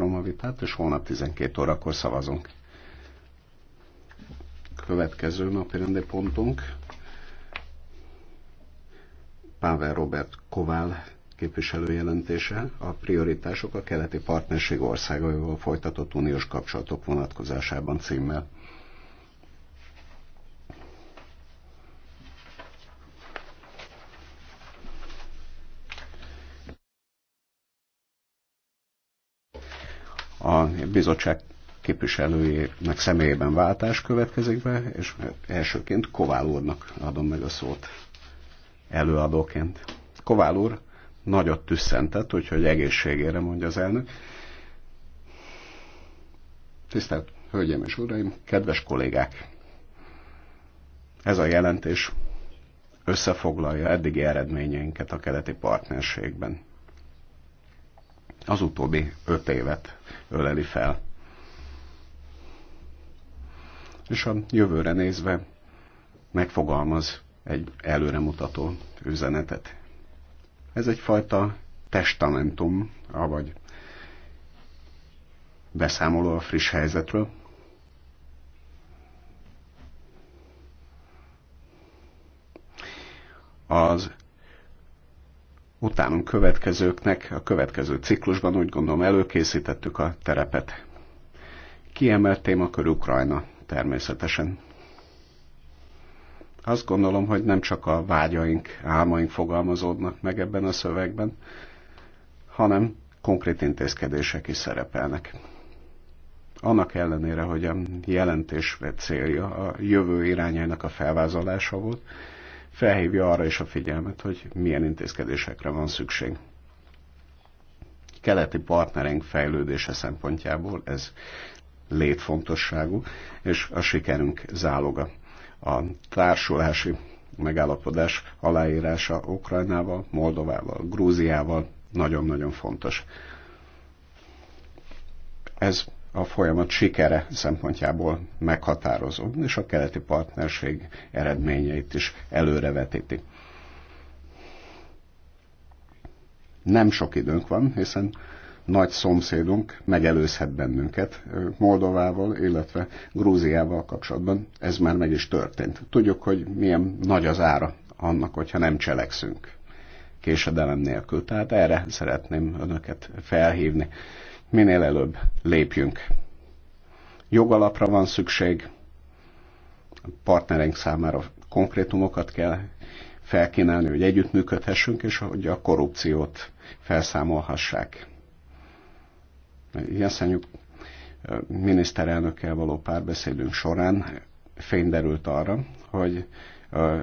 lezárom a vitát, és holnap 12 órakor szavazunk. Következő napi pontunk. Pável Robert Kovál képviselő jelentése a prioritások a keleti partnerség országaival folytatott uniós kapcsolatok vonatkozásában címmel. bizottság képviselőjének személyében váltás következik be, és elsőként Kovál úrnak adom meg a szót előadóként. Kovál úr nagyot tüsszentett, úgyhogy egészségére mondja az elnök. Tisztelt Hölgyeim és Uraim, kedves kollégák! Ez a jelentés összefoglalja eddigi eredményeinket a keleti partnerségben az utóbbi öt évet öleli fel. És a jövőre nézve megfogalmaz egy előremutató üzenetet. Ez egyfajta testamentum, avagy beszámoló a friss helyzetről, az utánunk következőknek a következő ciklusban úgy gondolom előkészítettük a terepet. Kiemelt témakör Ukrajna természetesen. Azt gondolom, hogy nem csak a vágyaink, álmaink fogalmazódnak meg ebben a szövegben, hanem konkrét intézkedések is szerepelnek. Annak ellenére, hogy a jelentés célja a jövő irányának a felvázolása volt, felhívja arra is a figyelmet, hogy milyen intézkedésekre van szükség. Keleti partnereink fejlődése szempontjából ez létfontosságú, és a sikerünk záloga. A társulási megállapodás aláírása Ukrajnával, Moldovával, Grúziával nagyon-nagyon fontos. Ez a folyamat sikere szempontjából meghatározó, és a keleti partnerség eredményeit is előrevetíti. Nem sok időnk van, hiszen nagy szomszédunk megelőzhet bennünket Moldovával, illetve Grúziával kapcsolatban. Ez már meg is történt. Tudjuk, hogy milyen nagy az ára annak, hogyha nem cselekszünk késedelem nélkül. Tehát erre szeretném önöket felhívni minél előbb lépjünk. Jogalapra van szükség, a partnereink számára konkrétumokat kell felkínálni, hogy együttműködhessünk, és hogy a korrupciót felszámolhassák. Jeszenyük miniszterelnökkel való párbeszédünk során fényderült arra, hogy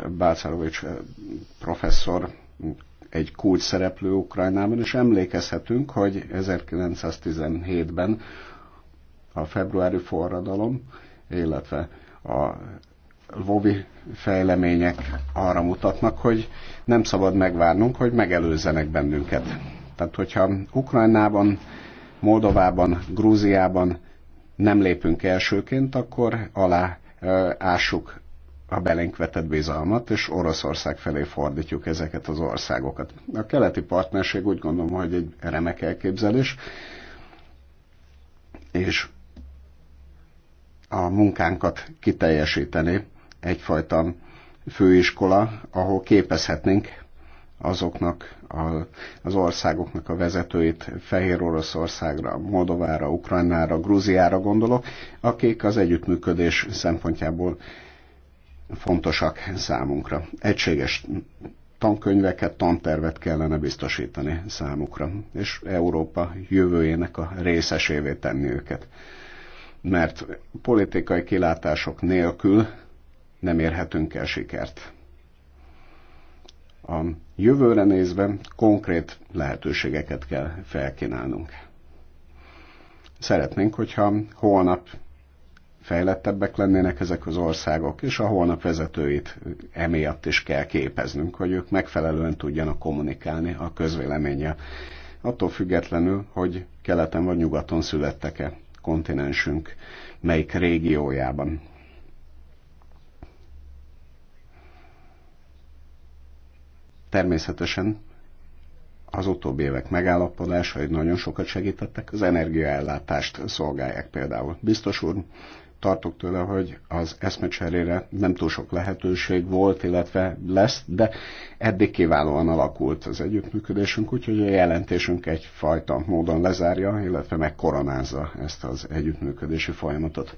Bálcárovics professzor egy kulcs szereplő Ukrajnában, és emlékezhetünk, hogy 1917-ben a februári forradalom, illetve a Lvovi fejlemények arra mutatnak, hogy nem szabad megvárnunk, hogy megelőzzenek bennünket. Tehát, hogyha Ukrajnában, Moldovában, Grúziában nem lépünk elsőként, akkor alá ássuk a belénk vetett bizalmat, és Oroszország felé fordítjuk ezeket az országokat. A keleti partnerség úgy gondolom, hogy egy remek elképzelés, és a munkánkat kiteljesíteni egyfajta főiskola, ahol képezhetnénk azoknak a, az országoknak a vezetőit, Fehér Oroszországra, Moldovára, Ukrajnára, Grúziára gondolok, akik az együttműködés szempontjából fontosak számunkra. Egységes tankönyveket, tantervet kellene biztosítani számukra, és Európa jövőjének a részesévé tenni őket. Mert politikai kilátások nélkül nem érhetünk el sikert. A jövőre nézve konkrét lehetőségeket kell felkínálnunk. Szeretnénk, hogyha holnap fejlettebbek lennének ezek az országok, és a holnap vezetőit emiatt is kell képeznünk, hogy ők megfelelően tudjanak kommunikálni a közvéleménye. Attól függetlenül, hogy keleten vagy nyugaton születtek-e kontinensünk, melyik régiójában. Természetesen az utóbbi évek megállapodásai nagyon sokat segítettek, az energiaellátást szolgálják például. Biztos úr, tartok tőle, hogy az eszmecserére nem túl sok lehetőség volt, illetve lesz, de eddig kiválóan alakult az együttműködésünk, úgyhogy a jelentésünk egyfajta módon lezárja, illetve megkoronázza ezt az együttműködési folyamatot.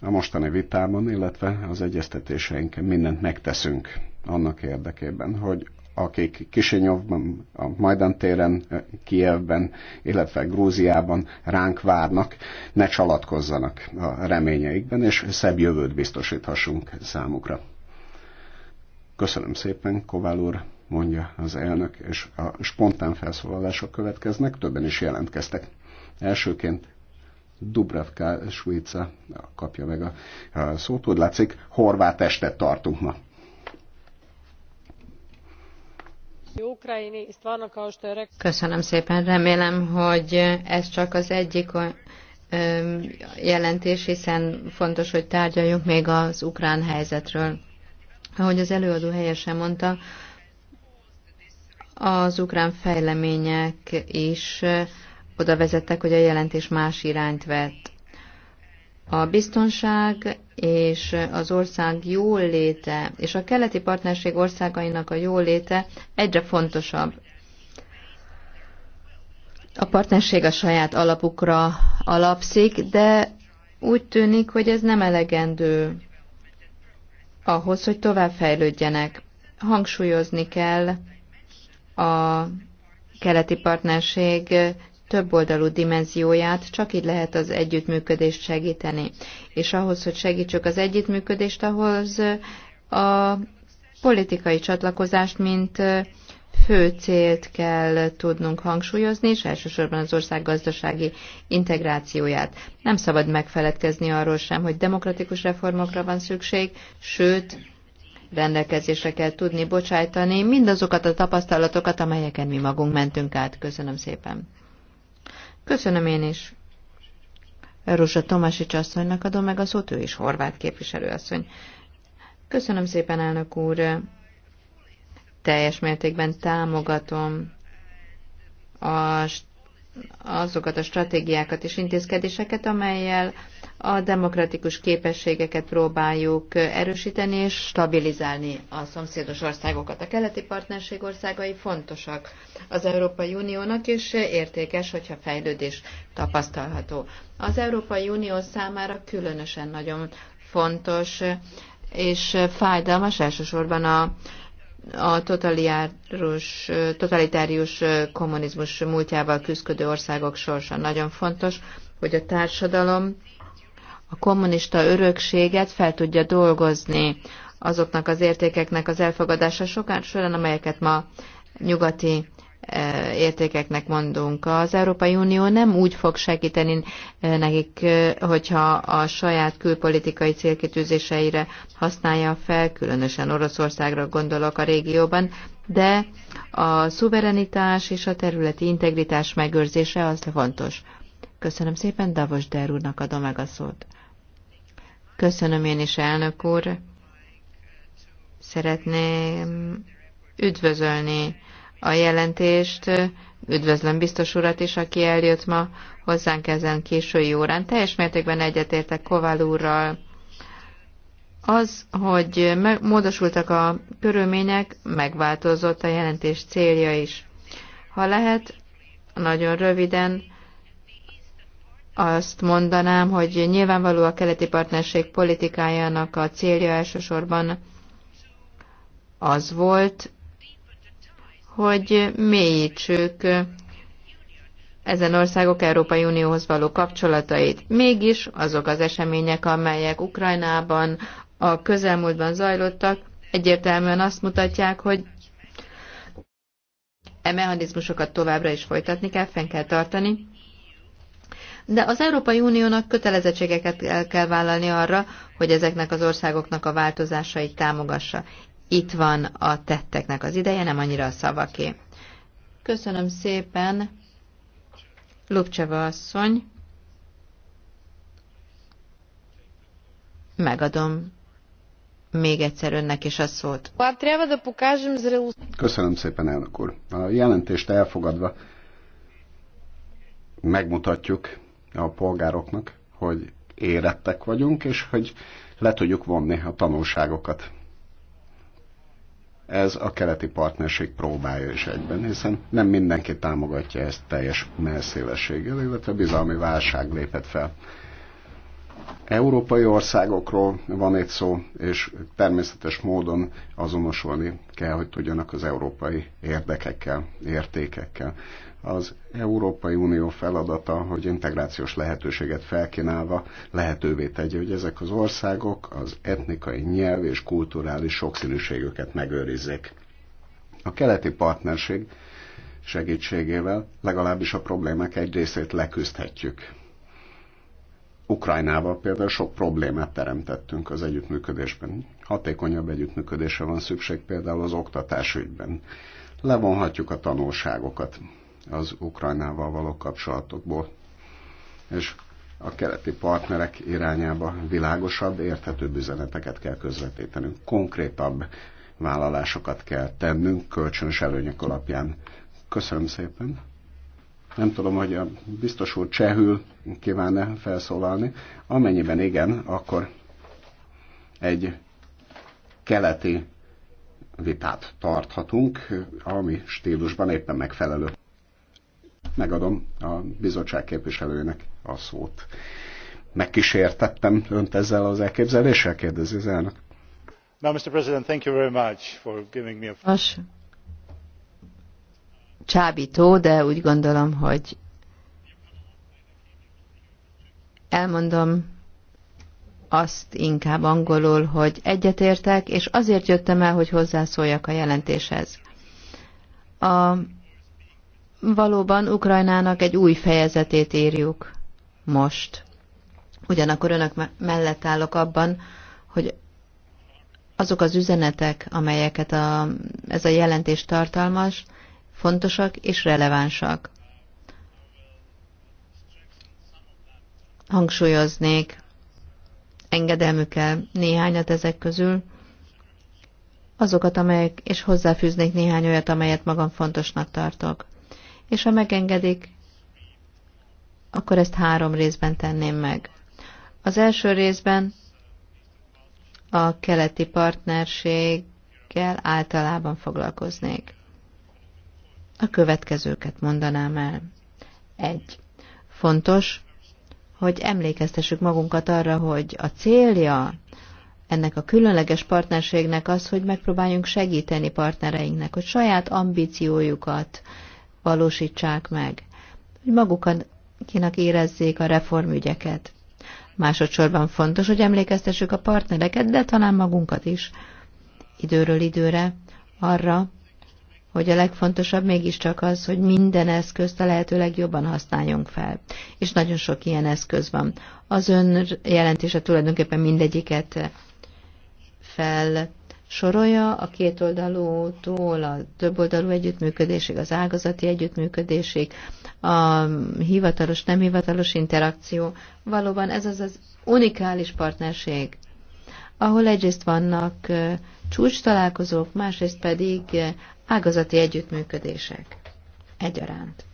A mostani vitában, illetve az egyeztetéseinken mindent megteszünk annak érdekében, hogy akik Kisinyovban, a Majdan téren, eh, Kijevben, illetve Grúziában ránk várnak, ne csalatkozzanak a reményeikben, és szebb jövőt biztosíthassunk számukra. Köszönöm szépen, Kovál úr, mondja az elnök, és a spontán felszólalások következnek, többen is jelentkeztek. Elsőként Dubravka Svica kapja meg a szót. Úgy látszik, horvát estet tartunk ma. Köszönöm szépen, remélem, hogy ez csak az egyik jelentés, hiszen fontos, hogy tárgyaljunk még az ukrán helyzetről. Ahogy az előadó helyesen mondta, az ukrán fejlemények is oda vezettek, hogy a jelentés más irányt vett. A biztonság és az ország jól léte, és a keleti partnerség országainak a jól léte egyre fontosabb. A partnerség a saját alapukra alapszik, de úgy tűnik, hogy ez nem elegendő ahhoz, hogy tovább fejlődjenek. Hangsúlyozni kell a keleti partnerség többoldalú dimenzióját, csak így lehet az együttműködést segíteni. És ahhoz, hogy segítsük az együttműködést, ahhoz a politikai csatlakozást, mint fő célt kell tudnunk hangsúlyozni, és elsősorban az ország gazdasági integrációját. Nem szabad megfeledkezni arról sem, hogy demokratikus reformokra van szükség, sőt, rendelkezésre kell tudni bocsájtani mindazokat a tapasztalatokat, amelyeken mi magunk mentünk át. Köszönöm szépen. Köszönöm én is. Rusa Tomásics asszonynak adom meg a szót, ő is horvát képviselőasszony. Köszönöm szépen, elnök úr. Teljes mértékben támogatom a azokat a stratégiákat és intézkedéseket, amelyel a demokratikus képességeket próbáljuk erősíteni és stabilizálni a szomszédos országokat. A keleti partnerség országai fontosak az Európai Uniónak, és értékes, hogyha fejlődés tapasztalható. Az Európai Unió számára különösen nagyon fontos és fájdalmas elsősorban a a totalitárius kommunizmus múltjával küzdő országok sorsa nagyon fontos, hogy a társadalom a kommunista örökséget fel tudja dolgozni azoknak az értékeknek az elfogadása sokan során, amelyeket ma nyugati Eh, értékeknek mondunk. Az Európai Unió nem úgy fog segíteni eh, nekik, eh, hogyha a saját külpolitikai célkitűzéseire használja fel, különösen Oroszországra gondolok a régióban, de a szuverenitás és a területi integritás megőrzése az fontos. Köszönöm szépen, Davos Der úrnak adom meg a szót. Köszönöm én is, elnök úr. Szeretném üdvözölni a jelentést. Üdvözlöm biztos urat is, aki eljött ma hozzánk ezen késői órán. Teljes mértékben egyetértek Kovál úrral. Az, hogy módosultak a körülmények, megváltozott a jelentés célja is. Ha lehet, nagyon röviden azt mondanám, hogy nyilvánvaló a keleti partnerség politikájának a célja elsősorban az volt, hogy mélyítsük ezen országok Európai Unióhoz való kapcsolatait. Mégis azok az események, amelyek Ukrajnában a közelmúltban zajlottak, egyértelműen azt mutatják, hogy e mechanizmusokat továbbra is folytatni kell, fenn kell tartani. De az Európai Uniónak kötelezettségeket el kell vállalni arra, hogy ezeknek az országoknak a változásait támogassa itt van a tetteknek az ideje, nem annyira a szavaké. Köszönöm szépen, Lupcseva asszony. Megadom még egyszer önnek is a szót. Köszönöm szépen, elnök úr. A jelentést elfogadva megmutatjuk a polgároknak, hogy érettek vagyunk, és hogy le tudjuk vonni a tanulságokat ez a keleti partnerség próbája is egyben, hiszen nem mindenki támogatja ezt teljes messzélességgel, illetve bizalmi válság lépett fel Európai országokról van egy szó, és természetes módon azonosulni kell, hogy tudjanak az európai érdekekkel, értékekkel. Az Európai Unió feladata, hogy integrációs lehetőséget felkínálva lehetővé tegye, hogy ezek az országok az etnikai, nyelv és kulturális sokszínűségüket megőrizzék. A keleti partnerség segítségével legalábbis a problémák egy részét leküzdhetjük Ukrajnával például sok problémát teremtettünk az együttműködésben. Hatékonyabb együttműködésre van szükség például az oktatásügyben. Levonhatjuk a tanulságokat az Ukrajnával való kapcsolatokból, és a keleti partnerek irányába világosabb, érthetőbb üzeneteket kell közvetítenünk, konkrétabb vállalásokat kell tennünk kölcsönös előnyek alapján. Köszönöm szépen! Nem tudom, hogy a biztos úr csehül kívánne felszólalni. Amennyiben igen, akkor egy keleti vitát tarthatunk, ami stílusban éppen megfelelő. Megadom a bizottság képviselőjének a szót. Megkísértettem önt ezzel az elképzeléssel, kérdezi az elnök. Now, Mr. President, thank you very much for giving me a... Nos, csábító, de úgy gondolom, hogy elmondom azt inkább angolul, hogy egyetértek, és azért jöttem el, hogy hozzászóljak a jelentéshez. A, valóban Ukrajnának egy új fejezetét írjuk most. Ugyanakkor önök mellett állok abban, hogy azok az üzenetek, amelyeket a, ez a jelentés tartalmaz, fontosak és relevánsak. Hangsúlyoznék engedelmükkel néhányat ezek közül, azokat, amelyek, és hozzáfűznék néhány olyat, amelyet magam fontosnak tartok. És ha megengedik, akkor ezt három részben tenném meg. Az első részben a keleti partnerséggel általában foglalkoznék a következőket mondanám el. Egy. Fontos, hogy emlékeztessük magunkat arra, hogy a célja ennek a különleges partnerségnek az, hogy megpróbáljunk segíteni partnereinknek, hogy saját ambíciójukat valósítsák meg, hogy magukinak érezzék a reformügyeket. Másodszorban fontos, hogy emlékeztessük a partnereket, de talán magunkat is időről időre arra, hogy a legfontosabb mégiscsak az, hogy minden eszközt a lehető legjobban használjunk fel. És nagyon sok ilyen eszköz van. Az ön jelentése tulajdonképpen mindegyiket fel sorolja a oldalútól, a többoldalú együttműködésig, az ágazati együttműködésig, a hivatalos, nem hivatalos interakció. Valóban ez az az unikális partnerség, ahol egyrészt vannak csúcs találkozók, másrészt pedig ágazati együttműködések egyaránt.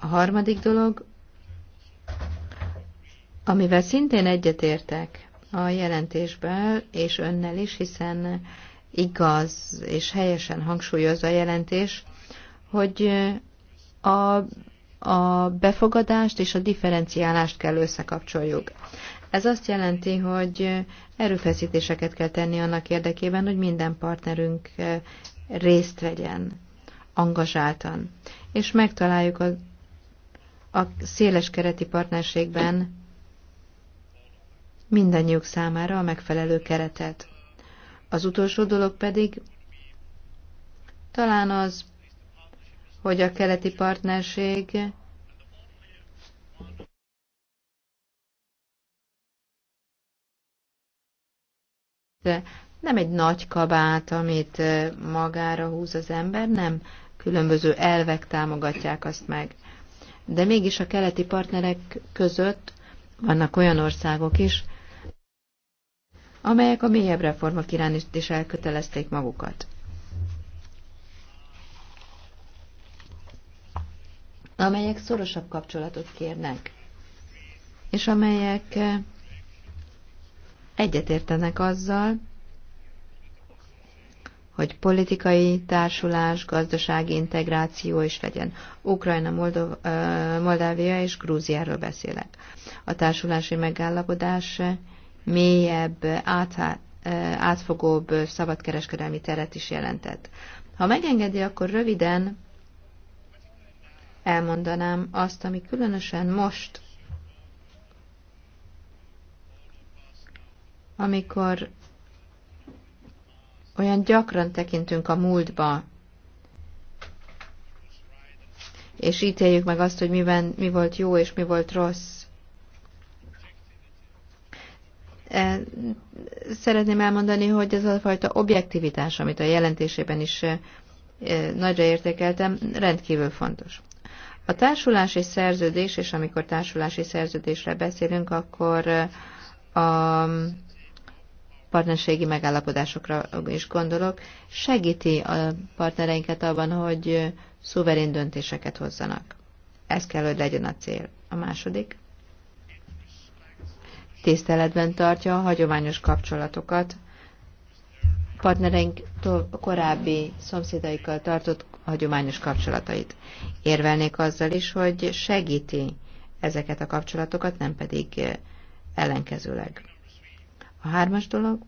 A harmadik dolog, amivel szintén egyetértek a jelentésből és önnel is, hiszen igaz és helyesen hangsúlyozza a jelentés, hogy a, a befogadást és a differenciálást kell összekapcsoljuk. Ez azt jelenti, hogy erőfeszítéseket kell tenni annak érdekében, hogy minden partnerünk eh, részt vegyen, angazsáltan, és megtaláljuk a, a széles kereti partnerségben mindannyiuk számára a megfelelő keretet. Az utolsó dolog pedig talán az, hogy a keleti partnerség nem egy nagy kabát, amit magára húz az ember, nem. Különböző elvek támogatják azt meg. De mégis a keleti partnerek között vannak olyan országok is, amelyek a mélyebb reformok iránt is elkötelezték magukat. amelyek szorosabb kapcsolatot kérnek, és amelyek egyetértenek azzal, hogy politikai társulás, gazdasági integráció is legyen. Ukrajna, Moldov, Moldávia és Grúziáról beszélek. A társulási megállapodás mélyebb, áthá, átfogóbb szabadkereskedelmi teret is jelentett. Ha megengedi, akkor röviden elmondanám azt, ami különösen most amikor olyan gyakran tekintünk a múltba, és ítéljük meg azt, hogy miben, mi volt jó és mi volt rossz. E, szeretném elmondani, hogy ez a fajta objektivitás, amit a jelentésében is e, nagyra értékeltem, rendkívül fontos. A társulási szerződés, és amikor társulási szerződésre beszélünk, akkor e, a partnerségi megállapodásokra is gondolok, segíti a partnereinket abban, hogy szuverén döntéseket hozzanak. Ez kell, hogy legyen a cél. A második. Tiszteletben tartja a hagyományos kapcsolatokat, partnereink korábbi szomszédaikkal tartott hagyományos kapcsolatait. Érvelnék azzal is, hogy segíti ezeket a kapcsolatokat, nem pedig ellenkezőleg. A hármas dolog,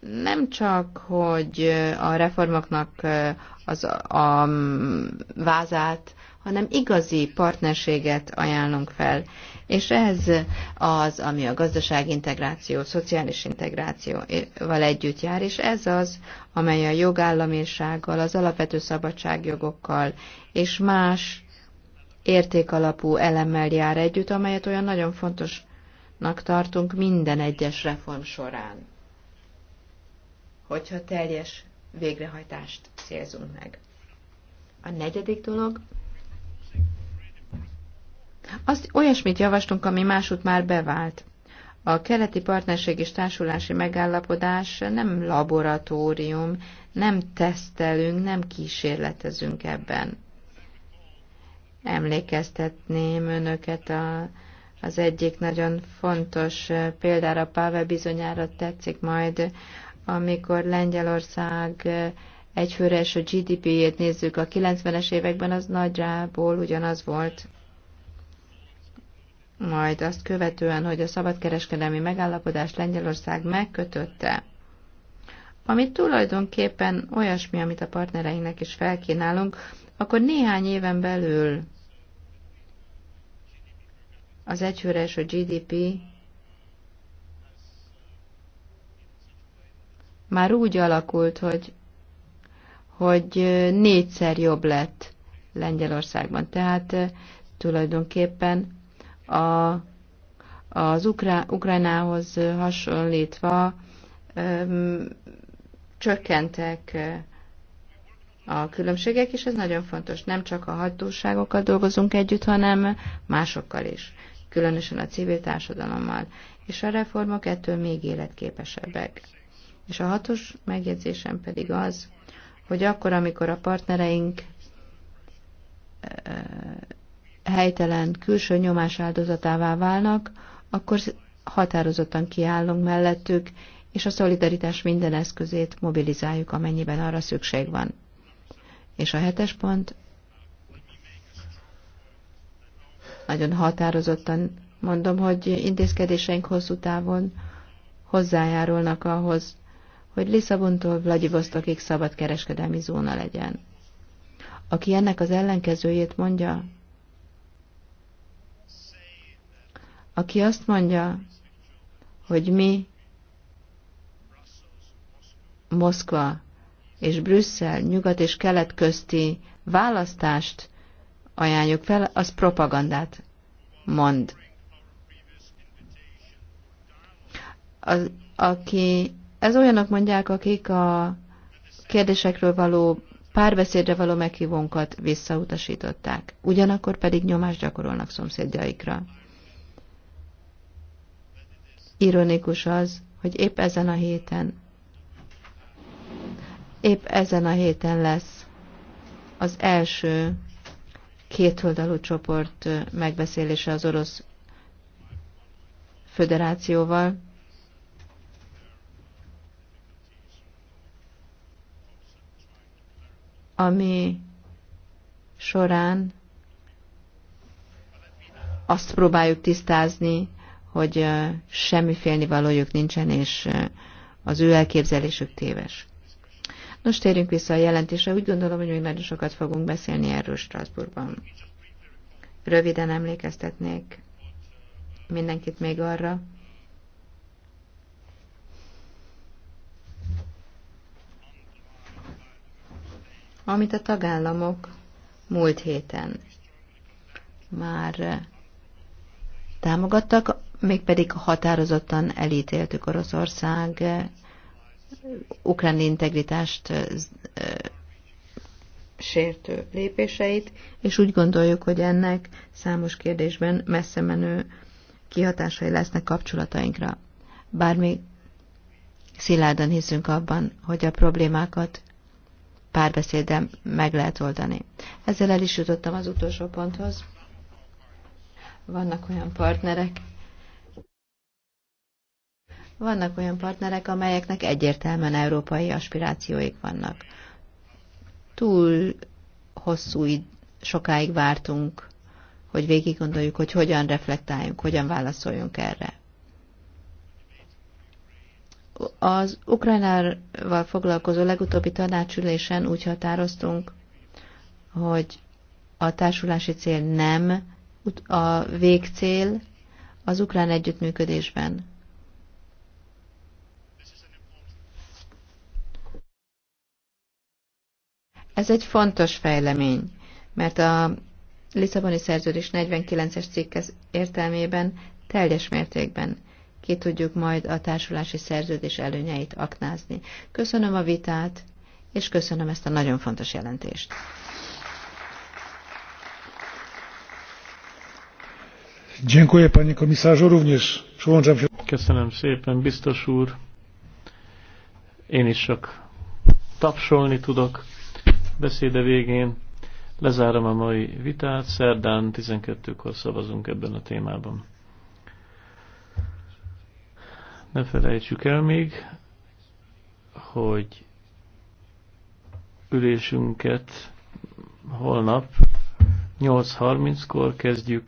nem csak, hogy a reformoknak az a vázát, hanem igazi partnerséget ajánlunk fel. És ez az, ami a gazdaság integráció, szociális integrációval együtt jár, és ez az, amely a jogállamisággal, az alapvető szabadságjogokkal és más értékalapú elemmel jár együtt, amelyet olyan nagyon fontos fontosnak tartunk minden egyes reform során, hogyha teljes végrehajtást célzunk meg. A negyedik dolog, azt olyasmit javaslunk, ami másút már bevált. A keleti partnerség és társulási megállapodás nem laboratórium, nem tesztelünk, nem kísérletezünk ebben. Emlékeztetném önöket a az egyik nagyon fontos példára Páve bizonyára tetszik majd, amikor Lengyelország egyfőre a GDP-jét nézzük a 90-es években, az nagyjából ugyanaz volt. Majd azt követően, hogy a szabadkereskedelmi megállapodást Lengyelország megkötötte, amit tulajdonképpen olyasmi, amit a partnereinknek is felkínálunk, akkor néhány éven belül az egyfőre a GDP már úgy alakult, hogy, hogy négyszer jobb lett Lengyelországban. Tehát eh, tulajdonképpen a, az Ukrá, Ukrajnához hasonlítva csökkentek eh, a különbségek, és ez nagyon fontos. Nem csak a hatóságokkal dolgozunk együtt, hanem másokkal is különösen a civil társadalommal, és a reformok ettől még életképesebbek. És a hatos megjegyzésem pedig az, hogy akkor, amikor a partnereink helytelen külső nyomás áldozatává válnak, akkor határozottan kiállunk mellettük, és a szolidaritás minden eszközét mobilizáljuk, amennyiben arra szükség van. És a hetes pont, Nagyon határozottan mondom, hogy intézkedéseink hosszú távon hozzájárulnak ahhoz, hogy Lisszabontól Vladivostokig szabad kereskedelmi zóna legyen. Aki ennek az ellenkezőjét mondja, aki azt mondja, hogy mi Moszkva és Brüsszel nyugat és kelet közti választást ajánljuk fel, az propagandát mond. Az, aki, ez olyanok mondják, akik a kérdésekről való párbeszédre való meghívónkat visszautasították, ugyanakkor pedig nyomást gyakorolnak szomszédjaikra. Ironikus az, hogy épp ezen a héten, épp ezen a héten lesz az első kétoldalú csoport megbeszélése az orosz föderációval. ami során azt próbáljuk tisztázni, hogy semmi félnivalójuk nincsen, és az ő elképzelésük téves. Nos, térjünk vissza a jelentésre. Úgy gondolom, hogy még nagyon sokat fogunk beszélni erről Strasbourgban. Röviden emlékeztetnék mindenkit még arra, amit a tagállamok múlt héten már támogattak, mégpedig határozottan elítéltük Oroszország ukrán integritást sértő lépéseit, és úgy gondoljuk, hogy ennek számos kérdésben messze menő kihatásai lesznek kapcsolatainkra. Bár mi szilárdan hiszünk abban, hogy a problémákat párbeszéddel meg lehet oldani. Ezzel el is jutottam az utolsó ponthoz. Vannak olyan partnerek, vannak olyan partnerek, amelyeknek egyértelműen európai aspirációik vannak. Túl hosszú id- sokáig vártunk, hogy végig gondoljuk, hogy hogyan reflektáljunk, hogyan válaszoljunk erre. Az Ukrajnával foglalkozó legutóbbi tanácsülésen úgy határoztunk, hogy a társulási cél nem a végcél az ukrán együttműködésben. Ez egy fontos fejlemény, mert a Lisszaboni szerződés 49-es cikke értelmében teljes mértékben ki tudjuk majd a társulási szerződés előnyeit aknázni. Köszönöm a vitát, és köszönöm ezt a nagyon fontos jelentést. Dziękuję panie komisarzu również. Przyłączam się. Köszönöm szépen, biztos úr. Én is csak tapsolni tudok beszéde végén. Lezárom a mai vitát, szerdán 12-kor szavazunk ebben a témában. Ne felejtsük el még, hogy ülésünket holnap 8.30-kor kezdjük